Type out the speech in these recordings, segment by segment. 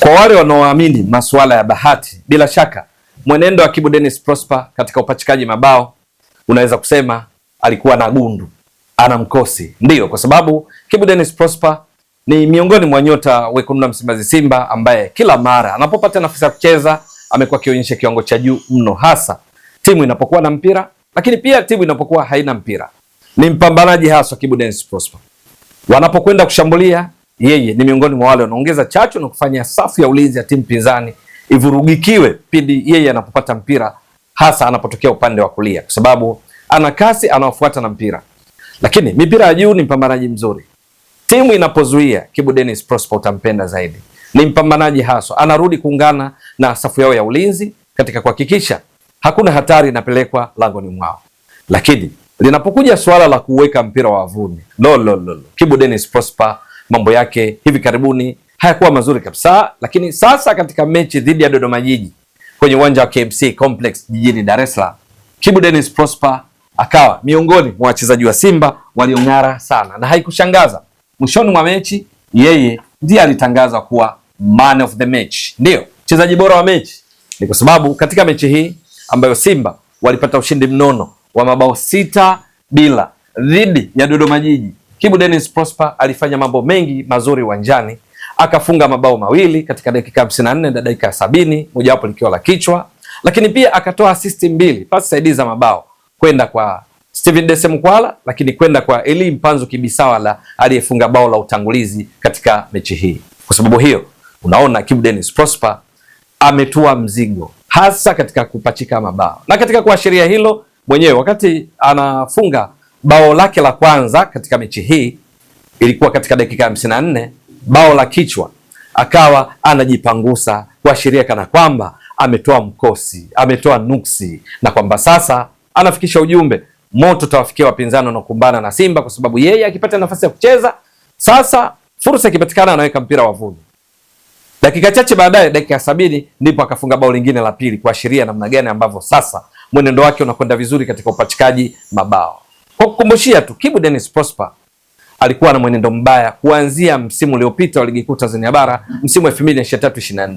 Kwa wale wanaoamini masuala ya bahati, bila shaka mwenendo wa Kibu Dennis Prosper katika upachikaji mabao unaweza kusema alikuwa na gundu, ana mkosi. ndio kwa sababu Kibu Dennis Prosper ni miongoni mwa nyota wekundu na Msimbazi Simba ambaye kila mara anapopata nafasi ya kucheza amekuwa akionyesha kiwango cha juu mno, hasa timu inapokuwa na mpira, lakini pia timu inapokuwa haina mpira. Ni mpambanaji haswa Kibu Dennis Prosper. Wanapokwenda kushambulia yeye ni miongoni mwa wale wanaongeza chachu na kufanya safu ya ulinzi ya timu pinzani ivurugikiwe pindi yeye anapopata mpira, hasa anapotokea upande wa kulia, kwa sababu ana kasi, anaofuata na mpira. Lakini mipira ya juu ni mpambanaji mzuri. Timu inapozuia, Kibu Dennis Prosper utampenda zaidi, ni mpambanaji haswa, anarudi kuungana na safu yao ya ulinzi katika kuhakikisha hakuna hatari inapelekwa langoni mwao, lakini linapokuja suala la kuweka mpira wavuni, lo, lo, lo, Kibu Dennis Prosper mambo yake hivi karibuni hayakuwa mazuri kabisa, lakini sasa katika mechi dhidi ya Dodoma Jiji kwenye uwanja wa KMC Complex jijini Dar es Salaam, Kibu Dennis Prosper akawa miongoni mwa wachezaji wa Simba waliong'ara sana, na haikushangaza mwishoni mwa mechi yeye ndiye alitangaza kuwa man of the match, ndio mchezaji bora wa mechi. Ni kwa sababu katika mechi hii ambayo Simba walipata ushindi mnono wa mabao sita bila dhidi ya Dodoma Jiji Kibu Dennis Prosper alifanya mambo mengi mazuri uwanjani, akafunga mabao mawili katika dakika 54 na dakika moja mojawapo likiwa la kichwa, lakini pia akatoa asisti mbili, pasi saidizi za mabao kwenda kwa Steven Dese Mkwala, lakini kwenda kwa Eli Mpanzu Kibisawala aliyefunga bao la utangulizi katika mechi hii. Kwa sababu hiyo, unaona Kibu Dennis Prosper ametua mzigo hasa katika kupachika mabao na katika kuashiria hilo mwenyewe wakati anafunga bao lake la kwanza katika mechi hii ilikuwa katika dakika hamsini na nne, bao la kichwa, akawa anajipangusa kuashiria kana kwamba ametoa mkosi, ametoa nuksi, na kwamba sasa anafikisha ujumbe moto tawafikia wapinzani wanaokumbana na Simba, kwa sababu yeye akipata nafasi ya kucheza sasa, fursa ikipatikana, anaweka mpira wavuni. Dakika chache baadaye, dakika ya sabini, ndipo akafunga bao lingine la pili, kuashiria namna gani ambavyo sasa mwenendo wake unakwenda vizuri katika upatikaji mabao. Kwa kukumbushia tu, Kibu Dennis Prosper alikuwa na mwenendo mbaya kuanzia msimu uliopita wa ligi kuu Tanzania bara msimu 2023 24.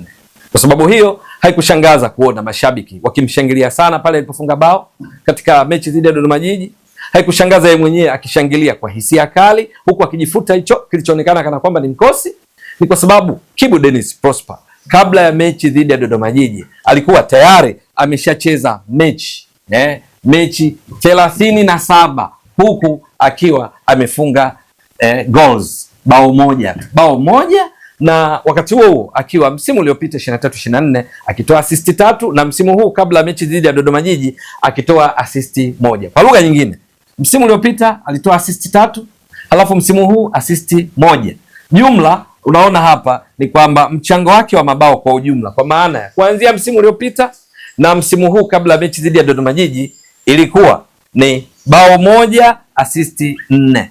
Kwa sababu hiyo haikushangaza kuona mashabiki wakimshangilia sana pale alipofunga bao katika mechi dhidi ya Dodoma Jiji. Haikushangaza yeye mwenyewe akishangilia kwa hisia kali, huku akijifuta hicho kilichoonekana kana kwamba ni mkosi. Ni kwa sababu Kibu Dennis Prosper kabla ya mechi dhidi ya Dodoma Jiji alikuwa tayari ameshacheza mechi eh, mechi thelathini na saba huku akiwa amefunga eh, goals bao moja bao moja na wakati huo huo akiwa msimu uliopita 23 24 akitoa asisti tatu na msimu huu kabla ya mechi dhidi ya Dodoma Jiji akitoa asisti moja. Kwa lugha nyingine, msimu uliopita alitoa asisti tatu halafu msimu huu asisti moja. Jumla unaona hapa ni kwamba mchango wake wa mabao kwa ujumla, kwa maana ya kuanzia msimu uliopita na msimu huu kabla ya mechi dhidi ya Dodoma Jiji ilikuwa ni bao moja asisti nne.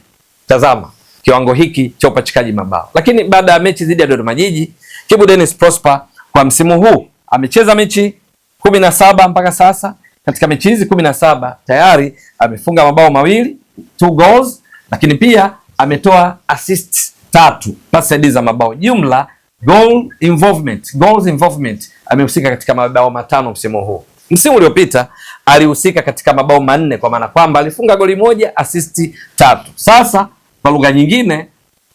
Tazama kiwango hiki cha upachikaji mabao. Lakini baada ya mechi dhidi ya Dodoma Jiji, Kibu Dennis Prosper kwa msimu huu amecheza mechi kumi na saba mpaka sasa. Katika mechi hizi kumi na saba tayari amefunga mabao mawili two goals, lakini pia ametoa assist tatu, pasedi za mabao, jumla goal involvement, goals involvement amehusika katika mabao matano msimu huu. Msimu uliopita alihusika katika mabao manne kwa maana kwamba alifunga goli moja, asisti tatu. Sasa kwa lugha nyingine,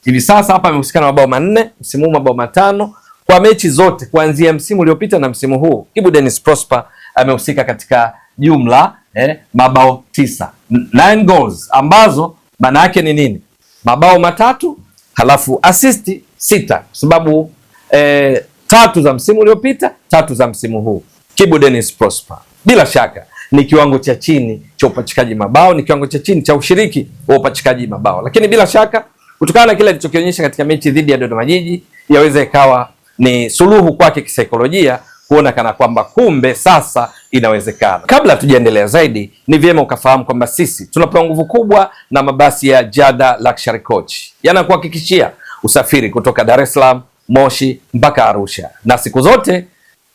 hivi sasa hapa amehusika na mabao manne, msimu huu mabao matano kwa mechi zote kuanzia msimu uliopita na msimu huu. Kibu Dennis Prosper amehusika katika jumla eh, mabao tisa, nine goals ambazo maana yake ni nini? Mabao matatu halafu asisti sita, kwa sababu eh, tatu za msimu uliopita, tatu za msimu huu. Kibu Dennis Prosper, bila shaka ni kiwango cha chini cha upachikaji mabao, ni kiwango cha chini cha ushiriki wa upachikaji mabao, lakini bila shaka kutokana na kile alichokionyesha katika mechi dhidi ya Dodoma Jiji, yaweza ikawa ni suluhu kwake kisaikolojia kuona kana kwamba kumbe sasa inawezekana. Kabla tujaendelea zaidi, ni vyema ukafahamu kwamba sisi tunapewa nguvu kubwa na mabasi ya Jada Luxury Coach, yanakuhakikishia usafiri kutoka Dar es Salaam, Moshi mpaka Arusha na siku zote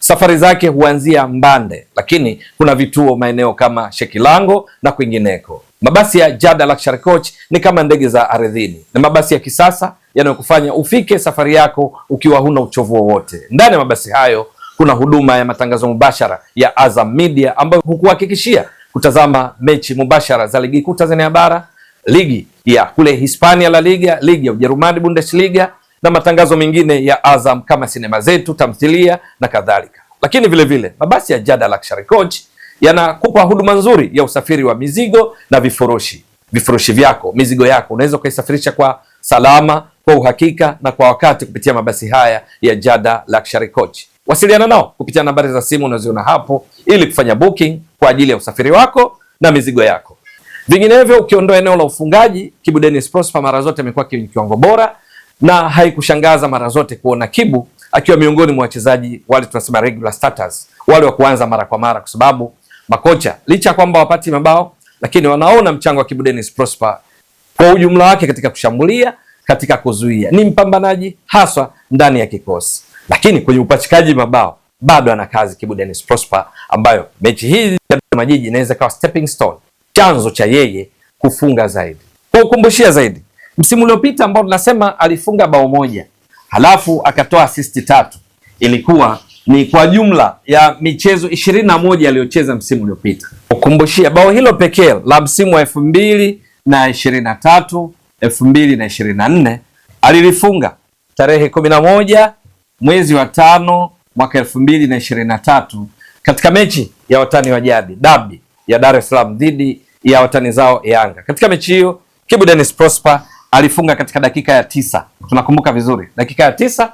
Safari zake huanzia Mbande, lakini kuna vituo maeneo kama Shekilango na kwingineko. Mabasi ya Jada Luxury Coach ni kama ndege za ardhini, na mabasi ya kisasa yanayokufanya ufike safari yako ukiwa huna uchovu wowote. Ndani ya mabasi hayo kuna huduma ya matangazo mubashara ya Azam Media ambayo hukuhakikishia kutazama mechi mubashara za ligi kuu Tanzania bara, ligi ya kule Hispania La Liga, ligi ya Ujerumani Bundesliga, na matangazo mengine ya Azam kama sinema zetu, tamthilia na kadhalika. Lakini vile vile mabasi ya Jada Luxury Coach yanakupa huduma nzuri ya usafiri wa mizigo na vifurushi. Vifurushi vyako, mizigo yako unaweza ukaisafirisha kwa salama, kwa uhakika na kwa wakati kupitia mabasi haya ya Jada Luxury Coach. Wasiliana nao kupitia nambari za simu unazoziona hapo ili kufanya booking kwa ajili ya usafiri wako na mizigo yako. Vinginevyo ukiondoa eneo la ufungaji, Kibu Denis Prosper mara zote amekuwa kiwango bora na haikushangaza mara zote kuona Kibu akiwa miongoni mwa wachezaji wale tunasema regular starters, wale wa kuanza mara kwa mara, kwa sababu makocha licha ya kwamba wapati mabao lakini wanaona mchango wa Kibu Denis Prosper kwa ujumla wake katika kushambulia, katika kuzuia. Ni mpambanaji haswa ndani ya kikosi, lakini kwenye upachikaji mabao bado ana kazi Kibu Denis Prosper, ambayo mechi hii ya Dodoma Jiji inaweza kawa stepping stone, chanzo cha yeye kufunga zaidi, kukumbushia zaidi msimu uliopita ambao tunasema alifunga bao moja halafu akatoa asisti tatu, ilikuwa ni kwa jumla ya michezo ishirini na moja aliyocheza msimu uliopita. Ukumbushia bao hilo pekee la msimu wa elfu mbili na ishirini na tatu elfu mbili na ishirini na nne alilifunga tarehe kumi na moja mwezi wa tano mwaka elfu mbili na ishirini na tatu katika mechi ya watani wa jadi dabi ya Dar es Salaam dhidi ya watani zao Yanga. Katika mechi hiyo Kibu Dennis Prosper alifunga katika dakika ya tisa, tunakumbuka vizuri, dakika ya tisa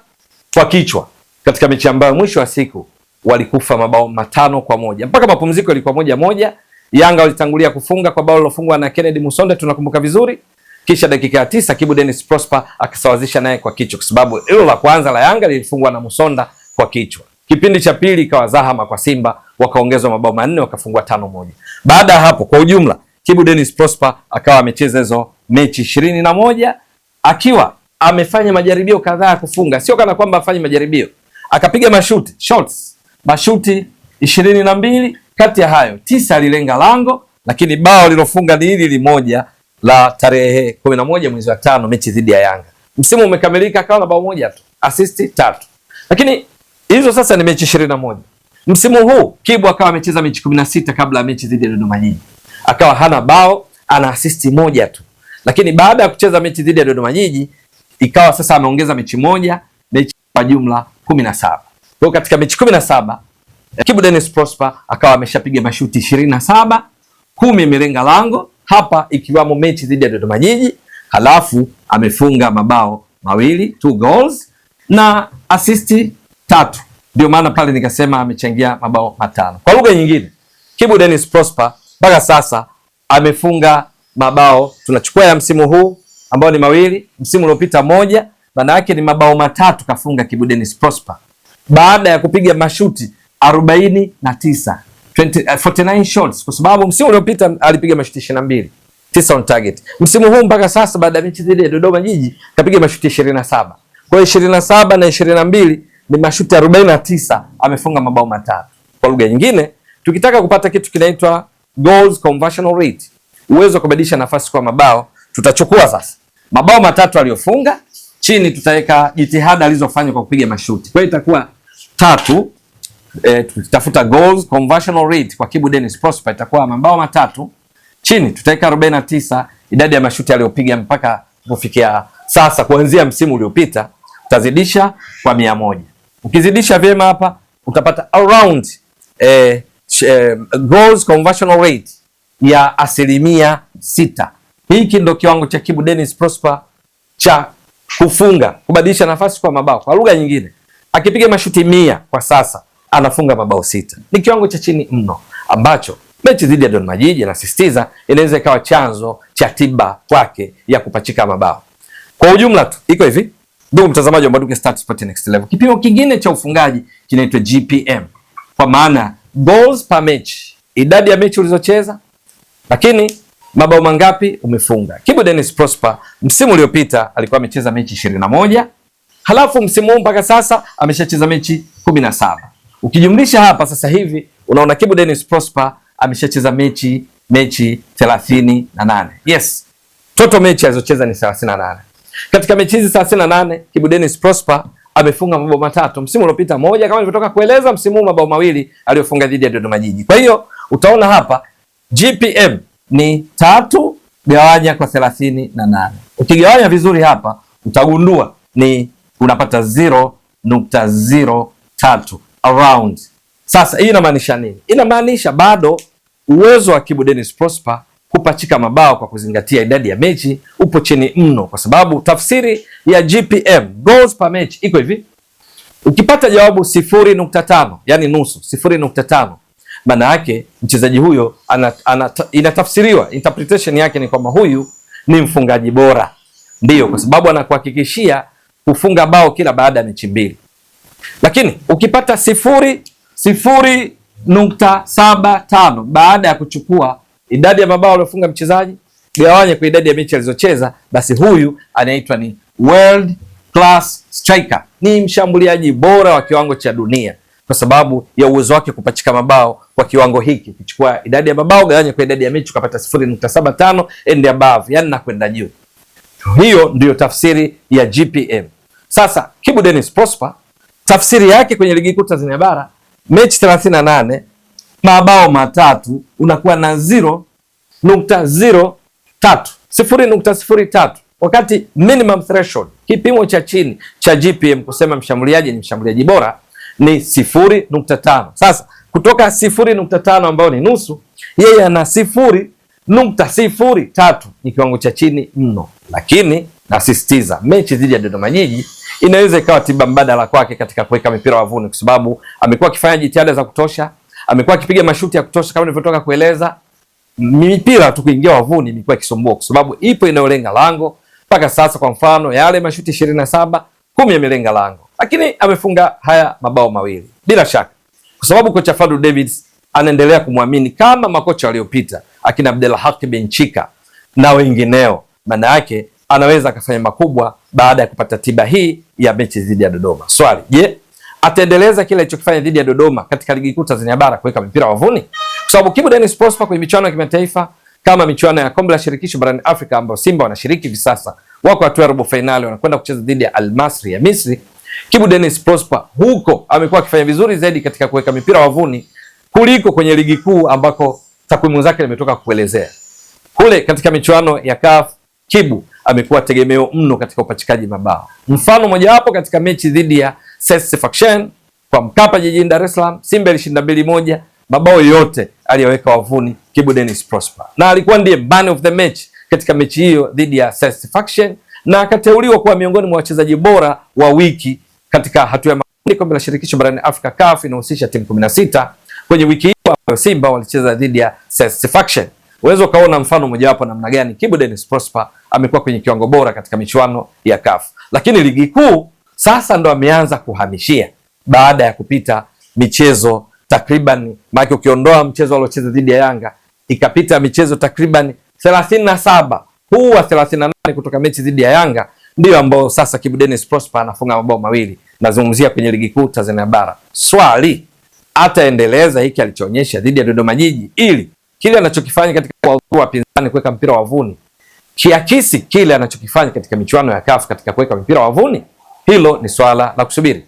kwa kichwa katika mechi ambayo mwisho wa siku walikufa mabao matano kwa moja mpaka mapumziko ilikuwa moja moja. Yanga walitangulia kufunga kwa bao lilofungwa na Kennedy Musonde, tunakumbuka vizuri. Kisha dakika ya tisa Kibu Dennis Prosper akasawazisha naye kwa kichwa, kwa sababu hilo la kwanza la Yanga lilifungwa na Musonda kwa kichwa. Kipindi cha pili ikawa zahama kwa Simba, wakaongezwa mabao manne, wakafungwa tano moja. Baada ya hapo, kwa ujumla Kibu Dennis Prosper akawa amecheza hizo mechi ishirini na moja akiwa amefanya majaribio kadhaa ya kufunga, sio kana kwamba afanye majaribio, akapiga mashuti shots, mashuti ishirini na mbili kati ya hayo tisa alilenga lango, lakini bao lilofunga ni hili limoja la tarehe kumi na moja mwezi wa tano mechi dhidi ya Yanga. Msimu umekamilika akawa na bao moja tu, asisti tatu, lakini hizo sasa ni mechi ishirini na moja. Msimu huu Kibu akawa amecheza mechi kumi na sita kabla ya mechi dhidi ya Dodoma Jiji akawa hana bao, ana assist moja tu, lakini baada ya kucheza mechi dhidi ya Dodoma Jiji ikawa sasa ameongeza mechi moja, mechi kwa jumla 17. Kwa katika mechi 17 Kibu Dennis Prosper akawa ameshapiga mashuti 27, kumi imelenga lango, hapa ikiwamo mechi dhidi ya Dodoma Jiji, halafu amefunga mabao mawili two goals na assist tatu. Ndio maana pale nikasema amechangia mabao matano. Kwa lugha nyingine, Kibu Dennis Prosper mpaka sasa amefunga mabao, tunachukua ya msimu huu ambao ni mawili, msimu uliopita moja, maana yake ni mabao matatu kafunga Kibu Denis Prosper baada ya kupiga mashuti 49 na 49 eh, shots kwa sababu msimu uliopita alipiga mashuti 22, tisa on target. Msimu huu mpaka sasa baada ya mechi dhidi ya Dodoma Jiji kapiga mashuti 27. Kwa hiyo 27 na 22 ni mashuti 49, amefunga mabao matatu. Kwa lugha nyingine, tukitaka kupata kitu kinaitwa goals conversion rate, uwezo wa kubadilisha nafasi kwa mabao. Tutachukua sasa mabao matatu aliyofunga, chini tutaweka jitihada alizofanya kwa kupiga mashuti. Kwa hiyo itakuwa tatu e, eh, tutafuta goals conversion rate kwa Kibu Dennis Prosper itakuwa mabao matatu, chini tutaweka 49 idadi ya mashuti aliyopiga mpaka kufikia sasa, kuanzia msimu uliopita utazidisha kwa 100. Ukizidisha vyema hapa utapata around eh, uh, gross conversion rate ya asilimia sita. Hiki ndo kiwango cha Kibu Dennis Prosper cha kufunga kubadilisha nafasi kwa mabao. Kwa lugha nyingine, akipiga mashuti mia kwa sasa anafunga mabao sita. Ni kiwango cha chini mno ambacho mechi dhidi ya Don Majiji inasisitiza inaweza ikawa chanzo cha tiba kwake ya kupachika mabao. Kwa ujumla tu iko hivi, ndugu mtazamaji wa Mbwaduke Stats Sport Next Level, kipimo kingine cha ufungaji kinaitwa GPM kwa maana goals per match, idadi ya mechi ulizocheza, lakini mabao mangapi umefunga. Kibu Dennis Prosper msimu uliopita alikuwa amecheza mechi 21, halafu msimu huu mpaka sasa ameshacheza mechi 17. ukijumlisha hapa sasa hivi unaona Kibu Dennis Prosper ameshacheza mechi mechi 38. na yes, toto mechi alizocheza ni 38. Katika mechi hizi 38 Kibu Dennis Prosper amefunga mabao matatu msimu uliopita moja, kama nilivyotoka kueleza, msimu huu mabao mawili aliyofunga dhidi ya Dodoma Jiji. Kwa hiyo utaona hapa GPM ni tatu gawanya kwa thelathini na nane. Ukigawanya vizuri hapa utagundua ni unapata 0.03 around. Sasa hii inamaanisha nini? Inamaanisha bado uwezo wa Kibu Prosper kupachika mabao kwa kuzingatia idadi ya mechi upo chini mno, kwa sababu tafsiri ya GPM goals per match iko hivi: ukipata jawabu 0.5 yani nusu 0.5, maana yake mchezaji huyo ana, ana, inatafsiriwa interpretation yake ni kwamba huyu ni mfungaji bora, ndiyo, kwa sababu anakuhakikishia kufunga bao kila baada ya mechi mbili. Lakini ukipata sifuri sifuri nukta saba tano baada ya kuchukua idadi ya mabao aliofunga mchezaji gawanye kwa idadi ya mechi alizocheza, basi huyu anaitwa ni world class striker, ni mshambuliaji bora wa kiwango cha dunia kwa sababu ya uwezo wake kupachika mabao kwa kiwango hiki. Ukichukua idadi ya mabao gawanye kwa idadi ya mechi ukapata 0.75 and above, yani na kwenda juu. Hiyo ndiyo tafsiri ya GPM. Sasa Kibu Dennis Prosper tafsiri yake kwenye ligi kuu Tanzania bara mechi 38 mabao matatu, unakuwa na 0.03 sifuri nukta sifuri tatu wakati minimum threshold, kipimo cha chini cha GPM kusema mshambuliaji ni mshambuliaji bora ni sifuri nukta tano. Sasa kutoka sifuri nukta tano ambayo ni nusu, yeye ana sifuri nukta sifuri tatu, ni kiwango cha chini mno, lakini nasisitiza mechi dhidi ya Dodoma Jiji inaweza ikawa tiba mbadala kwake katika kuweka mipira wavuni, kwa sababu amekuwa akifanya jitihada za kutosha amekuwa akipiga mashuti ya kutosha kama nilivyotoka kueleza. Mipira tu kuingia wavuni imekuwa ikisumbua, kwa sababu ipo inayolenga lango mpaka sasa. Kwa mfano yale mashuti ishirini na saba kumi yamelenga lango, lakini amefunga haya mabao mawili bila shaka, kwa sababu kocha Fadlu Davids anaendelea kumwamini kama makocha waliopita akina Abdelhak Benchika na wengineo, maana yake anaweza akafanya makubwa baada ya kupata tiba hii ya mechi dhidi ya Dodoma. Swali, je, yeah ataendeleza kile alichokifanya dhidi ya Dodoma katika ligi kuu Tanzania bara kuweka mpira wavuni, kwa sababu Kibu Denis Sports kwa michuano ya kimataifa kama michuano ya kombe la shirikisho barani Afrika ambayo Simba wanashiriki hivi sasa, wako hatua ya robo finali, wanakwenda kucheza dhidi ya Al Masry ya Misri. Kibu Denis Prosper huko amekuwa akifanya vizuri zaidi katika kuweka mipira wavuni kuliko kwenye ligi kuu ambako takwimu zake limetoka kuelezea. Kule katika michuano ya CAF Kibu amekuwa tegemeo mno katika upachikaji mabao. Mfano mojawapo katika mechi dhidi ya satisfaction kwa Mkapa jijini Dar es Salaam, Simba ilishinda mbili moja. Mabao yote aliyoweka wavuni Kibu Dennis Prosper, na alikuwa ndiye man of the match katika mechi hiyo dhidi ya satisfaction, na akateuliwa kuwa miongoni mwa wachezaji bora wa wiki katika hatua ya makundi kombe la shirikisho barani Afrika CAF inahusisha timu 16 kwenye wiki hiyo ambayo Simba walicheza dhidi ya satisfaction. Uwezo kaona mfano mojawapo namna gani Kibu Dennis Prosper amekuwa kwenye kiwango bora katika michuano ya CAF, lakini ligi kuu sasa ndo ameanza kuhamishia baada ya kupita michezo takriban, maana ukiondoa mchezo aliocheza dhidi ya Yanga ikapita michezo takriban thelathini na saba huu wa thelathini na nane kutoka mechi dhidi ya Yanga ndio ambao sasa Kibu Denis Prosper anafunga mabao mawili, nazungumzia kwenye ligi kuu Tanzania Bara. Swali, ataendeleza hiki alichoonyesha dhidi ya Dodoma Jiji ili kile anachokifanya katika kuwauzuru wapinzani kuweka mpira wavuni kiakisi kile anachokifanya katika michuano ya kafu katika kuweka mpira wavuni? Hilo ni swala la kusubiri.